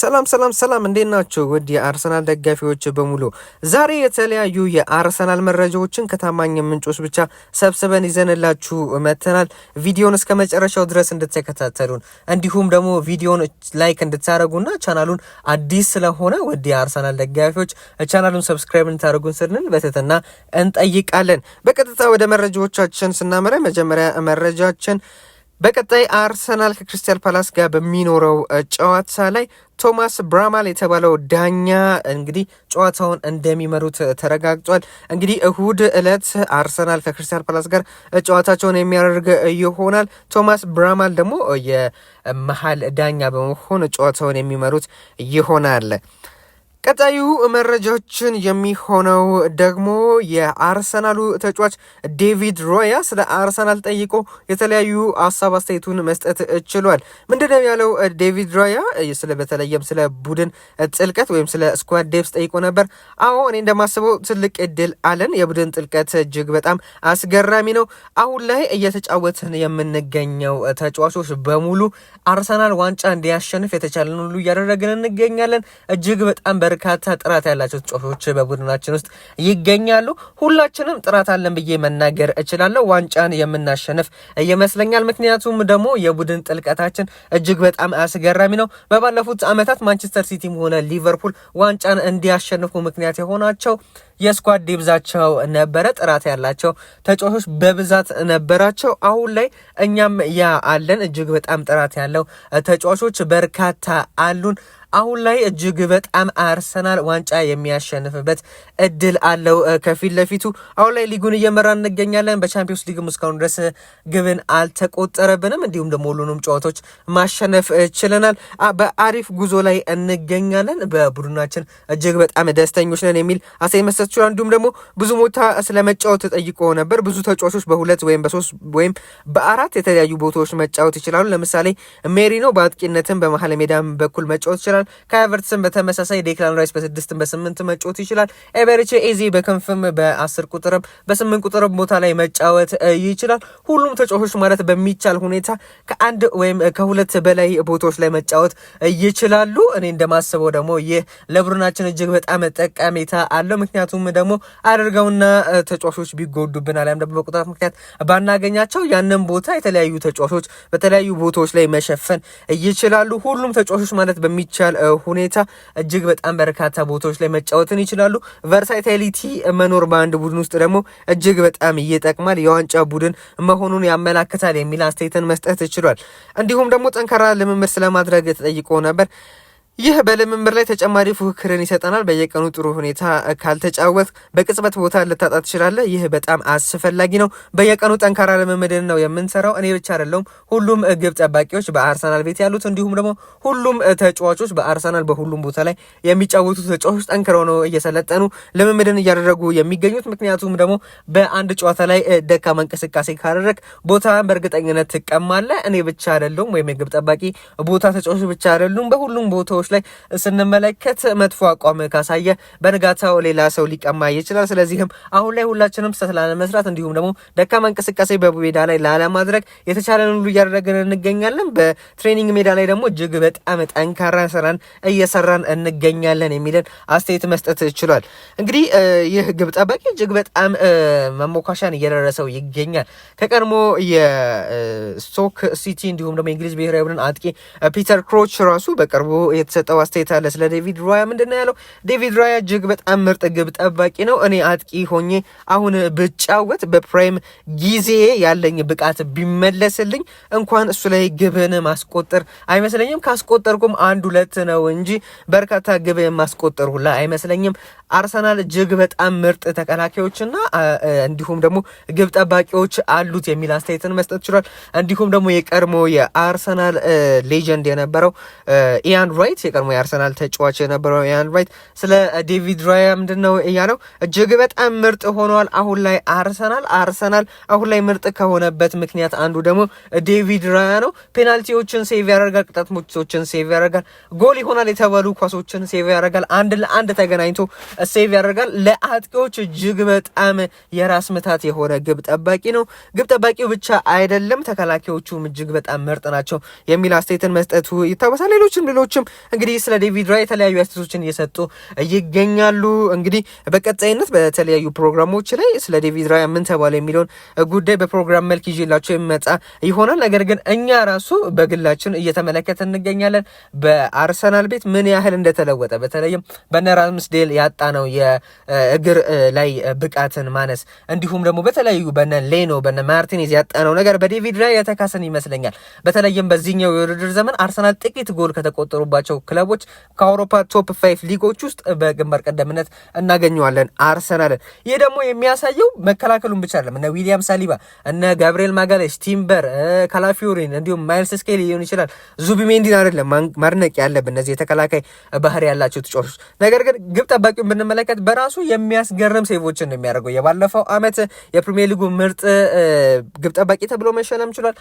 ሰላም ሰላም ሰላም፣ እንዴት ናችሁ? ውድ የአርሰናል ደጋፊዎች በሙሉ ዛሬ የተለያዩ የአርሰናል መረጃዎችን ከታማኝ ምንጮች ብቻ ሰብስበን ይዘንላችሁ መተናል። ቪዲዮን እስከ መጨረሻው ድረስ እንድትከታተሉን እንዲሁም ደግሞ ቪዲዮን ላይክ እንድታደረጉና ቻናሉን አዲስ ስለሆነ ውድ የአርሰናል ደጋፊዎች ቻናሉን ሰብስክራይብ እንድታደርጉን ስንል በትህትና እንጠይቃለን። በቀጥታ ወደ መረጃዎቻችን ስናመራ መጀመሪያ መረጃችን በቀጣይ አርሰናል ከክሪስታል ፓላስ ጋር በሚኖረው ጨዋታ ላይ ቶማስ ብራማል የተባለው ዳኛ እንግዲህ ጨዋታውን እንደሚመሩት ተረጋግጧል። እንግዲህ እሁድ እለት አርሰናል ከክሪስታል ፓላስ ጋር ጨዋታቸውን የሚያደርግ ይሆናል። ቶማስ ብራማል ደግሞ የመሀል ዳኛ በመሆን ጨዋታውን የሚመሩት ይሆናል። ቀጣዩ መረጃዎችን የሚሆነው ደግሞ የአርሰናሉ ተጫዋች ዴቪድ ሮያ ስለ አርሰናል ጠይቆ የተለያዩ ሀሳብ አስተያየቱን መስጠት ችሏል። ምንድነው ያለው? ዴቪድ ሮያ በተለየም ስለ ቡድን ጥልቀት ወይም ስለ ስኳድ ዴፕስ ጠይቆ ነበር። አዎ እኔ እንደማስበው ትልቅ እድል አለን። የቡድን ጥልቀት እጅግ በጣም አስገራሚ ነው። አሁን ላይ እየተጫወትን የምንገኘው ተጫዋቾች በሙሉ አርሰናል ዋንጫ እንዲያሸንፍ የተቻለን ሁሉ እያደረግን እንገኛለን። እጅግ በጣም በ በርካታ ጥራት ያላቸው ተጫዋቾች በቡድናችን ውስጥ ይገኛሉ። ሁላችንም ጥራት አለን ብዬ መናገር እችላለሁ። ዋንጫን የምናሸንፍ ይመስለኛል። ምክንያቱም ደግሞ የቡድን ጥልቀታችን እጅግ በጣም አስገራሚ ነው። በባለፉት ዓመታት ማንቸስተር ሲቲም ሆነ ሊቨርፑል ዋንጫን እንዲያሸንፉ ምክንያት የሆናቸው የስኳድ ዲብዛቸው ነበረ። ጥራት ያላቸው ተጫዋቾች በብዛት ነበራቸው። አሁን ላይ እኛም ያ አለን። እጅግ በጣም ጥራት ያለው ተጫዋቾች በርካታ አሉን። አሁን ላይ እጅግ በጣም አርሰናል ዋንጫ የሚያሸንፍበት እድል አለው ከፊት ለፊቱ። አሁን ላይ ሊጉን እየመራ እንገኛለን። በቻምፒዮንስ ሊግም እስካሁን ድረስ ግብን አልተቆጠረብንም። እንዲሁም ደግሞ ሁሉንም ጨዋታዎች ማሸነፍ ችለናል። በአሪፍ ጉዞ ላይ እንገኛለን። በቡድናችን እጅግ በጣም ደስተኞች ነን የሚል አስተያየት መሰት ችሏል። እንዲሁም ደግሞ ብዙ ቦታ ስለመጫወት ተጠይቆ ነበር። ብዙ ተጫዋቾች በሁለት ወይም በሶስት ወይም በአራት የተለያዩ ቦታዎች መጫወት ይችላሉ። ለምሳሌ ሜሪኖ በአጥቂነትም በመሀል ሜዳም በኩል መጫወት ይችላል። ይችላል። ከቨርትስን በተመሳሳይ ዴክላን ራይስ በስድስትም በስምንት መጫወት ይችላል። ኤበሬቺ ኤዜ በክንፍም በአስር ቁጥርም በስምንት ቁጥርም ቦታ ላይ መጫወት ይችላል። ሁሉም ተጫዋቾች ማለት በሚቻል ሁኔታ ከአንድ ወይም ከሁለት በላይ ቦታዎች ላይ መጫወት ይችላሉ። እኔ እንደማስበው ደግሞ ይህ ለቡድናችን እጅግ በጣም ጠቀሜታ አለው። ምክንያቱም ደግሞ አድርገውና ተጫዋቾች ቢጎዱብን አሊያም ደግሞ በቁጥራት ምክንያት ባናገኛቸው ያንን ቦታ የተለያዩ ተጫዋቾች በተለያዩ ቦታዎች ላይ መሸፈን ይችላሉ። ሁሉም ተጫዋቾች ማለት በሚቻል በሚባል ሁኔታ እጅግ በጣም በርካታ ቦታዎች ላይ መጫወትን ይችላሉ። ቨርሳይታሊቲ መኖር በአንድ ቡድን ውስጥ ደግሞ እጅግ በጣም ይጠቅማል። የዋንጫ ቡድን መሆኑን ያመላክታል የሚል አስተያየትን መስጠት ይችሏል። እንዲሁም ደግሞ ጠንካራ ልምምድ ስለማድረግ ተጠይቆ ነበር። ይህ በልምምድ ላይ ተጨማሪ ፉክክርን ይሰጠናል። በየቀኑ ጥሩ ሁኔታ ካልተጫወት በቅጽበት ቦታ ልታጣ ትችላለ ይህ በጣም አስፈላጊ ነው። በየቀኑ ጠንካራ ልምምድን ነው የምንሰራው። እኔ ብቻ አደለውም ሁሉም ግብ ጠባቂዎች በአርሰናል ቤት ያሉት እንዲሁም ደግሞ ሁሉም ተጫዋቾች በአርሰናል በሁሉም ቦታ ላይ የሚጫወቱ ተጫዋቾች ጠንክረው ነው እየሰለጠኑ ልምምድን እያደረጉ የሚገኙት። ምክንያቱም ደግሞ በአንድ ጨዋታ ላይ ደካማ እንቅስቃሴ ካደረግ ቦታ በእርግጠኝነት ትቀማለ። እኔ ብቻ አይደለሁም ወይም የግብ ጠባቂ ቦታ ተጫዋቾች ብቻ አይደሉም። በሁሉም ቦታ ሰዎች ላይ ስንመለከት መጥፎ አቋም ካሳየ በንጋታው ሌላ ሰው ሊቀማ ይችላል። ስለዚህም አሁን ላይ ሁላችንም ስህተት ላለመስራት እንዲሁም ደግሞ ደካማ እንቅስቃሴ በሜዳ ላይ ላለማድረግ የተቻለን ሁሉ እያደረግን እንገኛለን። በትሬኒንግ ሜዳ ላይ ደግሞ እጅግ በጣም ጠንካራ ስራን እየሰራን እንገኛለን የሚልን አስተያየት መስጠት ችሏል። እንግዲህ ይህ ግብ ጠባቂ እጅግ በጣም መሞካሻን እየደረሰው ይገኛል። ከቀድሞ የስቶክ ሲቲ እንዲሁም ደግሞ የእንግሊዝ ብሔራዊ ቡድን አጥቂ ፒተር ክሮች ራሱ በቅርቡ የተሰጠው አስተያየት አለ ስለ ዴቪድ ሮያ ምንድን ነው ያለው? ዴቪድ ሮያ እጅግ በጣም ምርጥ ግብ ጠባቂ ነው። እኔ አጥቂ ሆኜ አሁን ብጫወት በፕራይም ጊዜ ያለኝ ብቃት ቢመለስልኝ እንኳን እሱ ላይ ግብን ማስቆጠር አይመስለኝም። ካስቆጠርኩም አንድ ሁለት ነው እንጂ በርካታ ግብ ማስቆጠር ሁላ አይመስለኝም። አርሰናል እጅግ በጣም ምርጥ ተከላካዮችና እንዲሁም ደግሞ ግብ ጠባቂዎች አሉት የሚል አስተያየትን መስጠት ችሏል። እንዲሁም ደግሞ የቀድሞ የአርሰናል ሌጀንድ የነበረው ኢያን ራይት የቀድሞ የአርሰናል ተጫዋች የነበረው ኢያን ራይት ስለ ዴቪድ ራያ ምንድን ነው እያለው እጅግ በጣም ምርጥ ሆኗል አሁን ላይ አርሰናል አርሰናል አሁን ላይ ምርጥ ከሆነበት ምክንያት አንዱ ደግሞ ዴቪድ ራያ ነው። ፔናልቲዎችን ሴቭ ያደርጋል፣ ቅጣት ምቶችን ሴቭ ያደርጋል፣ ጎል ይሆናል የተባሉ ኳሶችን ሴቭ ያደርጋል። አንድ ለአንድ ተገናኝቶ ሴቭ ያደርጋል። ለአጥቂዎች እጅግ በጣም የራስ ምታት የሆነ ግብ ጠባቂ ነው። ግብ ጠባቂው ብቻ አይደለም ተከላካዮቹም እጅግ በጣም ምርጥ ናቸው የሚል አስተያየትን መስጠቱ ይታወሳል። ሌሎችም ሌሎችም እንግዲህ ስለ ዴቪድ የተለያዩ አስተያየቶችን እየሰጡ ይገኛሉ። እንግዲህ በቀጣይነት በተለያዩ ፕሮግራሞች ላይ ስለ ዴቪድ ራይ ምን ተባለ የሚለውን ጉዳይ በፕሮግራም መልክ ይዤላቸው የሚመጣ ይሆናል። ነገር ግን እኛ ራሱ በግላችን እየተመለከተ እንገኛለን በአርሰናል ቤት ምን ያህል እንደተለወጠ በተለይም በነ ያጣ የመጣ ነው የእግር ላይ ብቃትን ማነስ እንዲሁም ደግሞ በተለያዩ በነ ሌኖ በነ ማርቲኔዝ ያጣነው ነገር በዴቪድ ላይ የተካሰን ይመስለኛል። በተለይም በዚህኛው የውድድር ዘመን አርሰናል ጥቂት ጎል ከተቆጠሩባቸው ክለቦች ከአውሮፓ ቶፕ ፋይቭ ሊጎች ውስጥ በግንባር ቀደምነት እናገኘዋለን አርሰናልን። ይህ ደግሞ የሚያሳየው መከላከሉን ብቻ አይደለም። እነ ዊሊያም ሳሊባ፣ እነ ጋብሪኤል ማጋሌሽ፣ ቲምበር፣ ካላፊዮሪን እንዲሁም ማይልስ ስኬሊ ሊሆን ይችላል ዙቢሜንዲን አይደለም ማድነቅ ያለብን እነዚህ የተከላካይ ባህሪ ያላቸው ተጫዋቾች ነገር ግን ግብ ጠባቂው ብንመለከት በራሱ የሚያስገርም ሴቮችን ነው የሚያደርገው። የባለፈው አመት የፕሪሚየር ሊጉ ምርጥ ግብ ጠባቂ ተብሎ መሸለም ችሏል።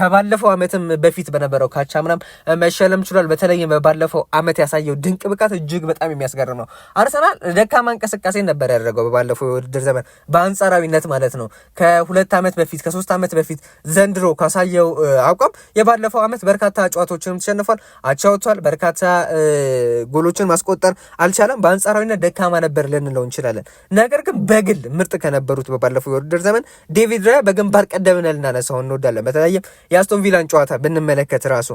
ከባለፈው ዓመትም በፊት በነበረው ምናም መሸለም ችሏል። በተለይም በባለፈው አመት ያሳየው ድንቅ ብቃት እጅግ በጣም የሚያስገርም ነው። አርሰናል ደካማ እንቅስቃሴ ነበር ያደረገው በባለፈው የውድድር ዘመን በአንጻራዊነት ማለት ነው። ከሁለት ዓመት በፊት ከሶስት ዓመት በፊት ዘንድሮ ካሳየው አቋም የባለፈው ዓመት በርካታ ጨዋታዎችንም ተሸንፏል፣ አቻ ወጥቷል። በርካታ ጎሎችን ማስቆጠር አልቻለም። በአንጻራዊነት ደካማ ነበር ልንለው እንችላለን። ነገር ግን በግል ምርጥ ከነበሩት በባለፈው የውድድር ዘመን ዴቪድ ራያ በግንባር ቀደምና ልናነሳው እንወዳለን። በተለይም የአስቶን ቪላን ጨዋታ ብንመለከት ራሱ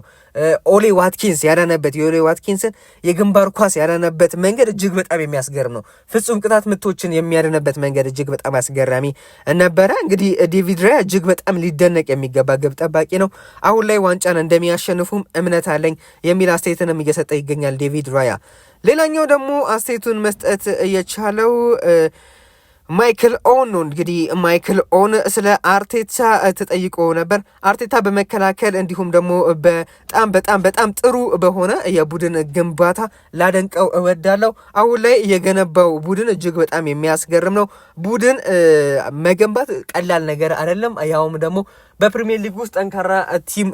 ኦሌ ዋትኪንስ ያዳነበት የኦሌ ዋትኪንስን የግንባር ኳስ ያዳነበት መንገድ እጅግ በጣም የሚያስገርም ነው። ፍጹም ቅጣት ምቶችን የሚያድንበት መንገድ እጅግ በጣም አስገራሚ ነበረ። እንግዲህ ዴቪድ ራያ እጅግ በጣም ሊደነቅ የሚገባ ግብ ጠባቂ ነው። አሁን ላይ ዋንጫን እንደሚያሸንፉም እምነት አለኝ የሚል አስተያየትንም እየሰጠ ይገኛል ዴቪድ ራያ ሌላኛው ደግሞ አስተያየቱን መስጠት እየቻለው ማይክል ኦን ነው። እንግዲህ ማይክል ኦን ስለ አርቴታ ተጠይቆ ነበር። አርቴታ በመከላከል እንዲሁም ደግሞ በጣም በጣም በጣም ጥሩ በሆነ የቡድን ግንባታ ላደንቀው እወዳለሁ። አሁን ላይ የገነባው ቡድን እጅግ በጣም የሚያስገርም ነው። ቡድን መገንባት ቀላል ነገር አይደለም። ያውም ደግሞ በፕሪሚየር ሊግ ውስጥ ጠንካራ ቲም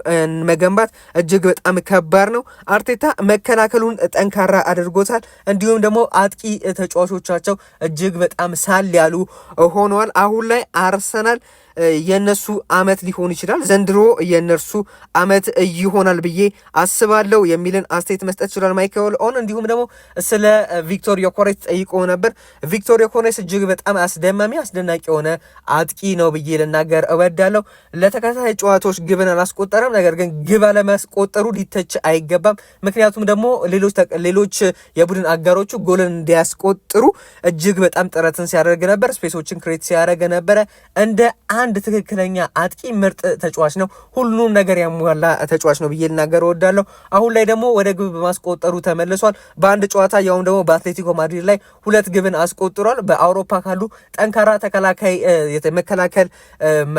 መገንባት እጅግ በጣም ከባድ ነው። አርቴታ መከላከሉን ጠንካራ አድርጎታል። እንዲሁም ደግሞ አጥቂ ተጫዋቾቻቸው እጅግ በጣም ሳል ያሉ ሆነዋል። አሁን ላይ አርሰናል የነሱ አመት ሊሆን ይችላል። ዘንድሮ የነርሱ አመት ይሆናል ብዬ አስባለሁ የሚልን አስተያየት መስጠት ይችላል ማይክል ኦን። እንዲሁም ደግሞ ስለ ቪክቶር ዮኮሬስ ጠይቆ ነበር። ቪክቶር ዮኮሬስ እጅግ በጣም አስደማሚ አስደናቂ የሆነ አጥቂ ነው ብዬ ልናገር እወዳለሁ። ለተከታታይ ጨዋታዎች ግብን አላስቆጠረም፣ ነገር ግን ግብ አለማስቆጠሩ ሊተች አይገባም። ምክንያቱም ደግሞ ሌሎች የቡድን አጋሮቹ ጎልን እንዲያስቆጥሩ እጅግ በጣም ጥረትን ሲያደርግ ነበር። ስፔሶችን ክሬት ሲያደርግ ነበረ እንደ አንድ ትክክለኛ አጥቂ ምርጥ ተጫዋች ነው። ሁሉንም ነገር ያሟላ ተጫዋች ነው ብዬ ልናገር እወዳለሁ። አሁን ላይ ደግሞ ወደ ግብ በማስቆጠሩ ተመልሷል። በአንድ ጨዋታ ያውም ደግሞ በአትሌቲኮ ማድሪድ ላይ ሁለት ግብን አስቆጥሯል። በአውሮፓ ካሉ ጠንካራ ተከላካይ መከላከል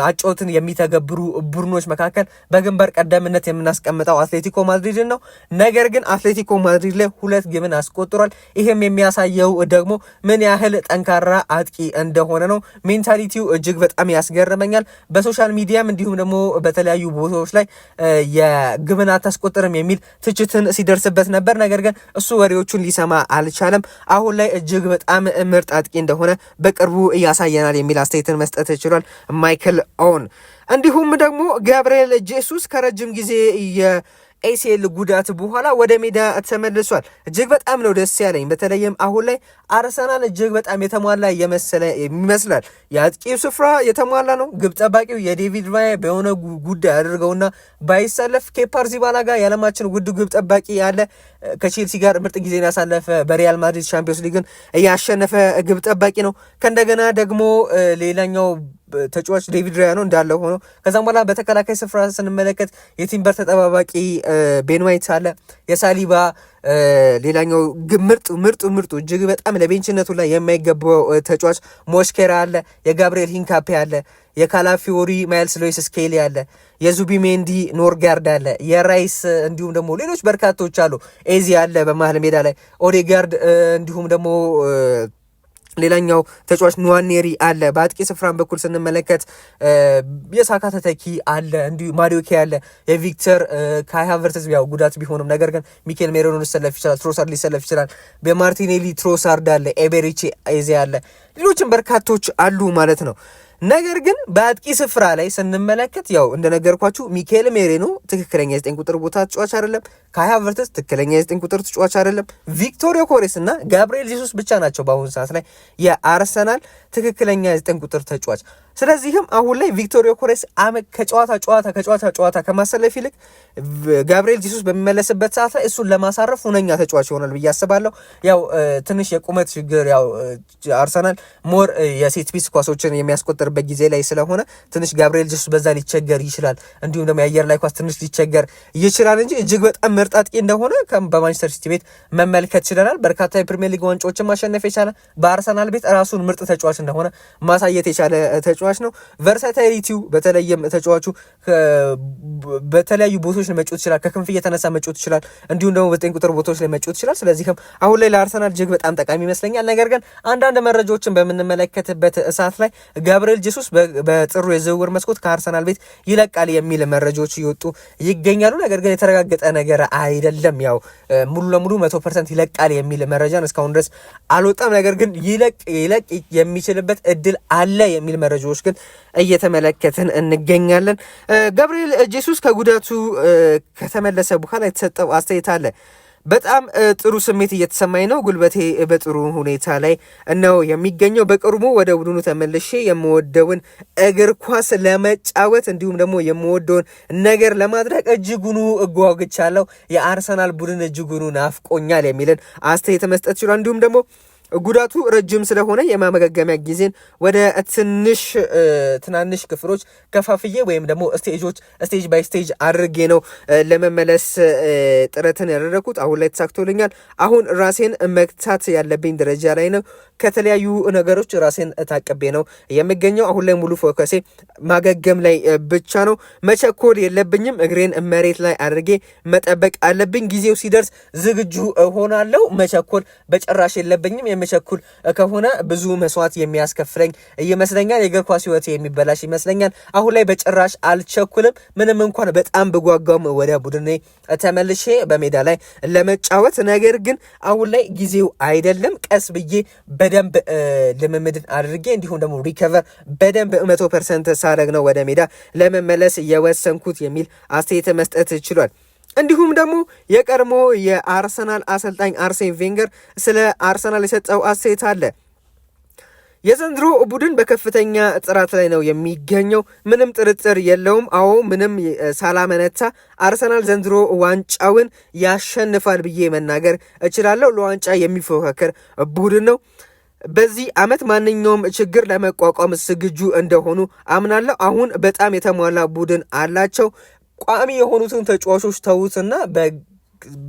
አጫወትን የሚተገብሩ ቡድኖች መካከል በግንባር ቀደምነት የምናስቀምጠው አትሌቲኮ ማድሪድን ነው። ነገር ግን አትሌቲኮ ማድሪድ ላይ ሁለት ግብን አስቆጥሯል። ይህም የሚያሳየው ደግሞ ምን ያህል ጠንካራ አጥቂ እንደሆነ ነው። ሜንታሊቲው እጅግ በጣም ያስገር ያስገርመኛል። በሶሻል ሚዲያም እንዲሁም ደግሞ በተለያዩ ቦታዎች ላይ የግብን አታስቆጥርም የሚል ትችትን ሲደርስበት ነበር። ነገር ግን እሱ ወሬዎቹን ሊሰማ አልቻለም። አሁን ላይ እጅግ በጣም ምርጥ አጥቂ እንደሆነ በቅርቡ እያሳየናል የሚል አስተያየትን መስጠት ችሏል ማይክል ኦውን። እንዲሁም ደግሞ ገብርኤል ጄሱስ ከረጅም ጊዜ ኤሲኤል ጉዳት በኋላ ወደ ሜዳ ተመልሷል። እጅግ በጣም ነው ደስ ያለኝ። በተለይም አሁን ላይ አርሰናል እጅግ በጣም የተሟላ የመሰለ ይመስላል። የአጥቂው ስፍራ የተሟላ ነው። ግብ ጠባቂው የዴቪድ ራያ በሆነ ጉዳይ አድርገውና ባይሳለፍ ኬፓር ዚባላ ጋር የዓለማችን ውድ ግብ ጠባቂ ያለ ከቼልሲ ጋር ምርጥ ጊዜን ያሳለፈ በሪያል ማድሪድ ሻምፒዮንስ ሊግን እያሸነፈ ግብ ጠባቂ ነው። ከእንደገና ደግሞ ሌላኛው ተጫዋች ዴቪድ ሪያ ነው እንዳለ ሆኖ ከዛም በኋላ በተከላካይ ስፍራ ስንመለከት የቲምበር ተጠባባቂ ቤን ዋይት አለ። የሳሊባ ሌላኛው ምርጡ ምርጡ ምርጡ እጅግ በጣም ለቤንችነቱ ላይ የማይገባው ተጫዋች ሞሽኬራ አለ። የጋብርኤል ሂንካፔ አለ። የካላፊዮሪ ማይልስ ሎይስ ስኬሊ አለ። የዙቢሜንዲ ኖርጋርድ አለ። የራይስ እንዲሁም ደግሞ ሌሎች በርካቶች አሉ። ኤዚ አለ በመሀል ሜዳ ላይ ኦዴጋርድ እንዲሁም ደግሞ ሌላኛው ተጫዋች ኑዋኔሪ አለ። በአጥቂ ስፍራን በኩል ስንመለከት የሳካ ተተኪ አለ፣ እንዲሁ ማዲዮኬ አለ። የቪክተር ካይ ያው ጉዳት ቢሆንም ነገር ግን ሚኬል ሜሪኖ ሊሰለፍ ይችላል፣ ትሮሳርድ ሊሰለፍ ይችላል። በማርቲኔሊ ትሮሳርድ አለ፣ ኤቤሪቺ ኤዜ አለ፣ ሌሎችም በርካቶች አሉ ማለት ነው። ነገር ግን በአጥቂ ስፍራ ላይ ስንመለከት ያው እንደነገርኳችሁ ሚካኤል ሜሬኖ ትክክለኛ የዘጠኝ ቁጥር ቦታ ተጫዋች አይደለም። ካይ ሃቨርትዝ ትክክለኛ የዘጠኝ ቁጥር ተጫዋች አይደለም። ቪክቶሪዮ ኮሬስ እና ጋብርኤል ጄሱስ ብቻ ናቸው በአሁኑ ሰዓት ላይ የአርሰናል ትክክለኛ የዘጠኝ ቁጥር ተጫዋች። ስለዚህም አሁን ላይ ቪክቶሪዮ ኮሬስ ከጨዋታ ጨዋታ ከጨዋታ ጨዋታ ከማሰለፍ ይልቅ ጋብርኤል ጂሱስ በሚመለስበት ሰዓት ላይ እሱን ለማሳረፍ ሁነኛ ተጫዋች ይሆናል ብዬ አስባለሁ። ያው ትንሽ የቁመት ችግር ያው አርሰናል ሞር የሴት ፒስ ኳሶችን የሚያስቆጥርበት ጊዜ ላይ ስለሆነ ትንሽ ጋብርኤል ጂሱስ በዛ ሊቸገር ይችላል። እንዲሁም ደግሞ የአየር ላይ ኳስ ትንሽ ሊቸገር ይችላል እንጂ እጅግ በጣም ምርጥ አጥቂ እንደሆነ በማንቸስተር ሲቲ ቤት መመልከት ችለናል። በርካታ የፕሪሚየር ሊግ ዋንጫዎችን ማሸነፍ የቻለ በአርሰናል ቤት ራሱን ምርጥ ተጫዋች እንደሆነ ማሳየት የቻለ ተጫዋች ተጫዋች ነው። ቨርሳታሊቲው በተለይም ተጫዋቹ በተለያዩ ቦታዎች ላይ መጫወት ይችላል። ከክንፍ እየተነሳ መጫወት ይችላል። እንዲሁም ደግሞ በዘጠኝ ቁጥር ቦታዎች ላይ መጫወት ይችላል። ስለዚህም አሁን ላይ ለአርሰናል እጅግ በጣም ጠቃሚ ይመስለኛል። ነገር ግን አንዳንድ መረጃዎችን በምንመለከትበት እሳት ላይ ገብርኤል ጄሱስ በጥሩ የዝውውር መስኮት ከአርሰናል ቤት ይለቃል የሚል መረጃዎች እየወጡ ይገኛሉ። ነገር ግን የተረጋገጠ ነገር አይደለም። ያው ሙሉ ለሙሉ መቶ ፐርሰንት ይለቃል የሚል መረጃ እስካሁን ድረስ አልወጣም። ነገር ግን ይለቅ ይለቅ የሚችልበት እድል አለ የሚል መረጃዎች ግን እየተመለከትን እንገኛለን። ገብርኤል ጄሱስ ከጉዳቱ ከተመለሰ በኋላ የተሰጠው አስተያየት አለ። በጣም ጥሩ ስሜት እየተሰማኝ ነው። ጉልበቴ በጥሩ ሁኔታ ላይ ነው የሚገኘው። በቅርቡ ወደ ቡድኑ ተመልሼ የምወደውን እግር ኳስ ለመጫወት እንዲሁም ደግሞ የምወደውን ነገር ለማድረግ እጅጉኑ እጓጉቻለሁ። የአርሰናል ቡድን እጅጉኑ ናፍቆኛል የሚልን አስተያየት መስጠት ችሏል። እንዲሁም ደግሞ ጉዳቱ ረጅም ስለሆነ የማመገገሚያ ጊዜን ወደ ትንሽ ትናንሽ ክፍሎች ከፋፍዬ ወይም ደግሞ ስቴጆች ስቴጅ ባይ ስቴጅ አድርጌ ነው ለመመለስ ጥረትን ያደረኩት። አሁን ላይ ተሳክቶልኛል። አሁን ራሴን መግታት ያለብኝ ደረጃ ላይ ነው። ከተለያዩ ነገሮች ራሴን ታቅቤ ነው የሚገኘው። አሁን ላይ ሙሉ ፎከሴ ማገገም ላይ ብቻ ነው። መቸኮል የለብኝም። እግሬን መሬት ላይ አድርጌ መጠበቅ አለብኝ። ጊዜው ሲደርስ ዝግጁ ሆናለሁ። መቸኮል በጭራሽ የለብኝም። የመቸኩል ከሆነ ብዙ መስዋዕት የሚያስከፍለኝ ይመስለኛል። የእግር ኳስ ህይወት የሚበላሽ ይመስለኛል። አሁን ላይ በጭራሽ አልቸኩልም። ምንም እንኳን በጣም ብጓጓም ወደ ቡድኔ ተመልሼ በሜዳ ላይ ለመጫወት ነገር ግን አሁን ላይ ጊዜው አይደለም። ቀስ ብዬ በ በደንብ ልምምድን አድርጌ እንዲሁም ደግሞ ሪከቨር በደንብ መቶ ፐርሰንት ሳረግ ነው ወደ ሜዳ ለመመለስ የወሰንኩት የሚል አስተያየት መስጠት ችሏል። እንዲሁም ደግሞ የቀድሞ የአርሰናል አሰልጣኝ አርሴን ቬንገር ስለ አርሰናል የሰጠው አስተያየት አለ። የዘንድሮ ቡድን በከፍተኛ ጥራት ላይ ነው የሚገኘው፣ ምንም ጥርጥር የለውም። አዎ ምንም ሳላመነታ አርሰናል ዘንድሮ ዋንጫውን ያሸንፋል ብዬ መናገር እችላለሁ። ለዋንጫ የሚፎካከር ቡድን ነው። በዚህ ዓመት ማንኛውም ችግር ለመቋቋም ዝግጁ እንደሆኑ አምናለሁ። አሁን በጣም የተሟላ ቡድን አላቸው። ቋሚ የሆኑትን ተጫዋቾች ተዉትና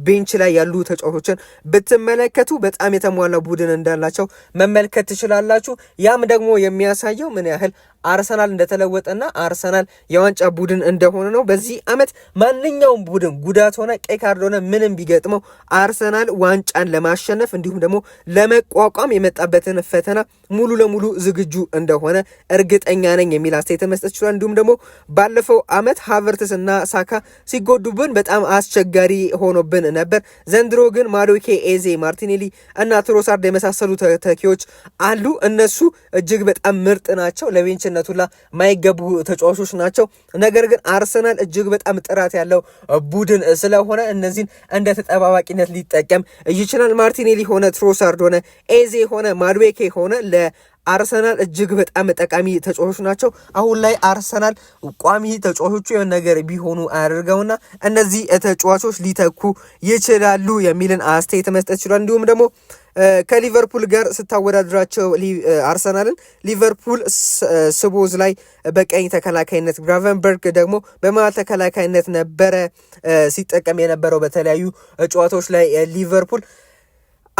ቤንች ላይ ያሉ ተጫዋቾችን ብትመለከቱ በጣም የተሟላ ቡድን እንዳላቸው መመልከት ትችላላችሁ። ያም ደግሞ የሚያሳየው ምን ያህል አርሰናል እንደተለወጠና አርሰናል የዋንጫ ቡድን እንደሆነ ነው። በዚህ ዓመት ማንኛውም ቡድን ጉዳት ሆነ ቀይ ካርድ ሆነ ምንም ቢገጥመው አርሰናል ዋንጫን ለማሸነፍ እንዲሁም ደግሞ ለመቋቋም የመጣበትን ፈተና ሙሉ ለሙሉ ዝግጁ እንደሆነ እርግጠኛ ነኝ የሚል አስተያየት መስጠት ችሏል። እንዲሁም ደግሞ ባለፈው ዓመት ሀቨርትስ እና ሳካ ሲጎዱብን በጣም አስቸጋሪ ሆኖብን ነበር። ዘንድሮ ግን ማዶኬ፣ ኤዜ፣ ማርቲኔሊ እና ትሮሳርድ የመሳሰሉ ተኪዎች አሉ። እነሱ እጅግ በጣም ምርጥ ናቸው ለቤንችን ኃላፊነት ሁላ የማይገቡ ተጫዋቾች ናቸው። ነገር ግን አርሰናል እጅግ በጣም ጥራት ያለው ቡድን ስለሆነ እነዚህን እንደ ተጠባባቂነት ሊጠቀም ይችላል። ማርቲኔሊ ሆነ ትሮሳርድ ሆነ ኤዜ ሆነ ማድዌኬ ሆነ ለ አርሰናል እጅግ በጣም ጠቃሚ ተጫዋቾች ናቸው። አሁን ላይ አርሰናል ቋሚ ተጫዋቾቹ የሆነ ነገር ቢሆኑ አያደርገውና እነዚህ ተጫዋቾች ሊተኩ ይችላሉ የሚልን አስተያየት መስጠት ይችላል። እንዲሁም ደግሞ ከሊቨርፑል ጋር ስታወዳድራቸው አርሰናልን ሊቨርፑል ስቦዝ ላይ በቀኝ ተከላካይነት ግራቨንበርግ ደግሞ በመሃል ተከላካይነት ነበረ ሲጠቀም የነበረው በተለያዩ ጨዋታዎች ላይ ሊቨርፑል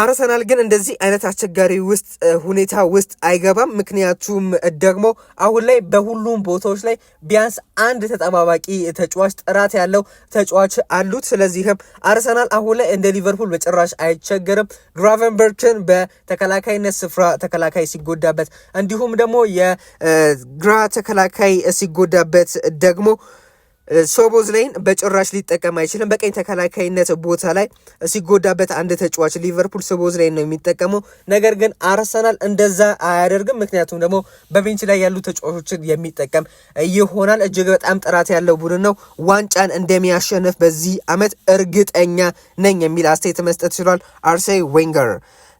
አርሰናል ግን እንደዚህ አይነት አስቸጋሪ ውስጥ ሁኔታ ውስጥ አይገባም። ምክንያቱም ደግሞ አሁን ላይ በሁሉም ቦታዎች ላይ ቢያንስ አንድ ተጠባባቂ ተጫዋች፣ ጥራት ያለው ተጫዋች አሉት። ስለዚህም አርሰናል አሁን ላይ እንደ ሊቨርፑል በጭራሽ አይቸገርም። ግራቨንበርችን በተከላካይነት ስፍራ ተከላካይ ሲጎዳበት፣ እንዲሁም ደግሞ የግራ ተከላካይ ሲጎዳበት ደግሞ ሶቦዝ ላይን በጭራሽ ሊጠቀም አይችልም። በቀኝ ተከላካይነት ቦታ ላይ ሲጎዳበት አንድ ተጫዋች ሊቨርፑል ሶቦዝ ላይን ነው የሚጠቀመው። ነገር ግን አርሰናል እንደዛ አያደርግም። ምክንያቱም ደግሞ በቤንች ላይ ያሉ ተጫዋቾችን የሚጠቀም ይሆናል። እጅግ በጣም ጥራት ያለው ቡድን ነው። ዋንጫን እንደሚያሸንፍ በዚህ አመት እርግጠኛ ነኝ የሚል አስተያየት መስጠት ችሏል አርሴ ዌንገር።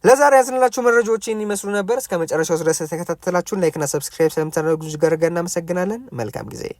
ለዛሬ ያዝንላችሁ መረጃዎች ይህን ይመስሉ ነበር። እስከ መጨረሻው ድረስ ተከታተላችሁን ላይክና ሰብስክራይብ ስለምታደርጉ ጋር እናመሰግናለን። መልካም ጊዜ